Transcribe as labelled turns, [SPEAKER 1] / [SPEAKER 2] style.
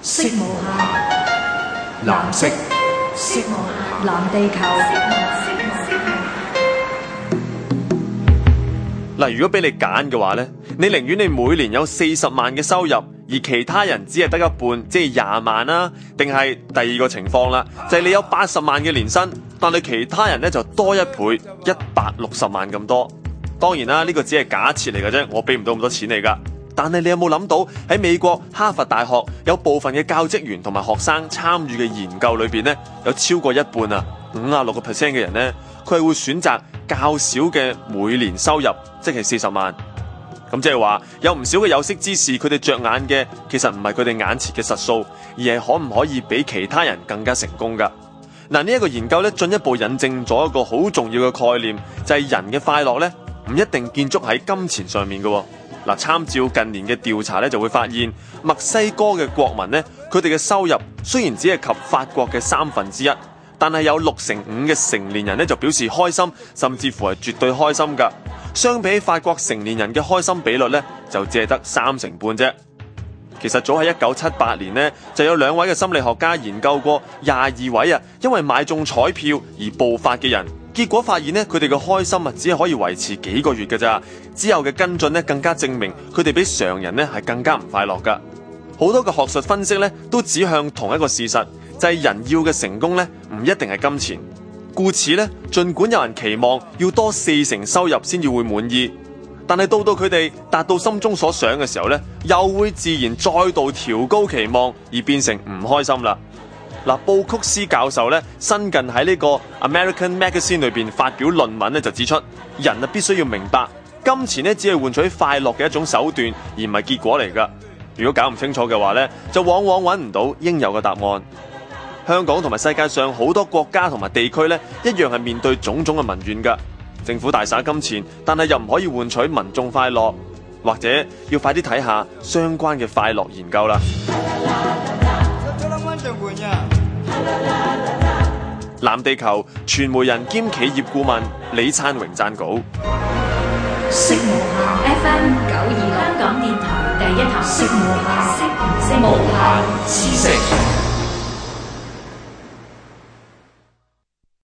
[SPEAKER 1] 色無下藍色。色無限，藍地球。嗱，如果俾你揀嘅話咧，你寧願你每年有四十萬嘅收入，而其他人只係得一半，即係廿萬啦，定係第二個情況啦，就係、是、你有八十萬嘅年薪，但係其他人咧就多一倍，一百六十萬咁多。當然啦，呢、這個只係假設嚟嘅啫，我俾唔到咁多錢你噶。但係你有冇諗到喺美國哈佛大學有部分嘅教職員同埋學生參與嘅研究裏邊咧，有超過一半啊，五十六個 percent 嘅人呢，佢係會選擇較少嘅每年收入，即係四十萬。咁即係話有唔少嘅有識之士，佢哋着眼嘅其實唔係佢哋眼前嘅實數，而係可唔可以比其他人更加成功噶？嗱，呢一個研究咧進一步引證咗一個好重要嘅概念，就係人嘅快樂咧唔一定建築喺金錢上面噶。嗱，參照近年嘅調查咧，就會發現墨西哥嘅國民呢，佢哋嘅收入雖然只係及法國嘅三分之一，但係有六成五嘅成年人咧就表示開心，甚至乎係絕對開心噶。相比法國成年人嘅開心比率咧，就只係得三成半啫。其實早喺一九七八年呢，就有兩位嘅心理學家研究過廿二位啊，因為買中彩票而暴發嘅人。結果發現咧，佢哋嘅開心啊，只係可以維持幾個月嘅咋。之後嘅跟進咧，更加證明佢哋比常人咧係更加唔快樂㗎。好多嘅學術分析咧，都指向同一個事實，就係、是、人要嘅成功咧，唔一定係金錢。故此咧，盡管有人期望要多四成收入先至會滿意，但係到到佢哋達到心中所想嘅時候咧，又會自然再度調高期望，而變成唔開心啦。布曲斯教授咧，新近喺呢個 American Magazine 裏邊發表論文咧，就指出，人啊必須要明白，金錢咧只係換取快樂嘅一種手段，而唔係結果嚟噶。如果搞唔清楚嘅話咧，就往往揾唔到應有嘅答案。香港同埋世界上好多國家同埋地區咧，一樣係面對種種嘅民怨噶。政府大灑金錢，但係又唔可以換取民眾快樂，或者要快啲睇下相關嘅快樂研究啦。藍地球，傳媒人兼企業顧問李燦榮撰稿。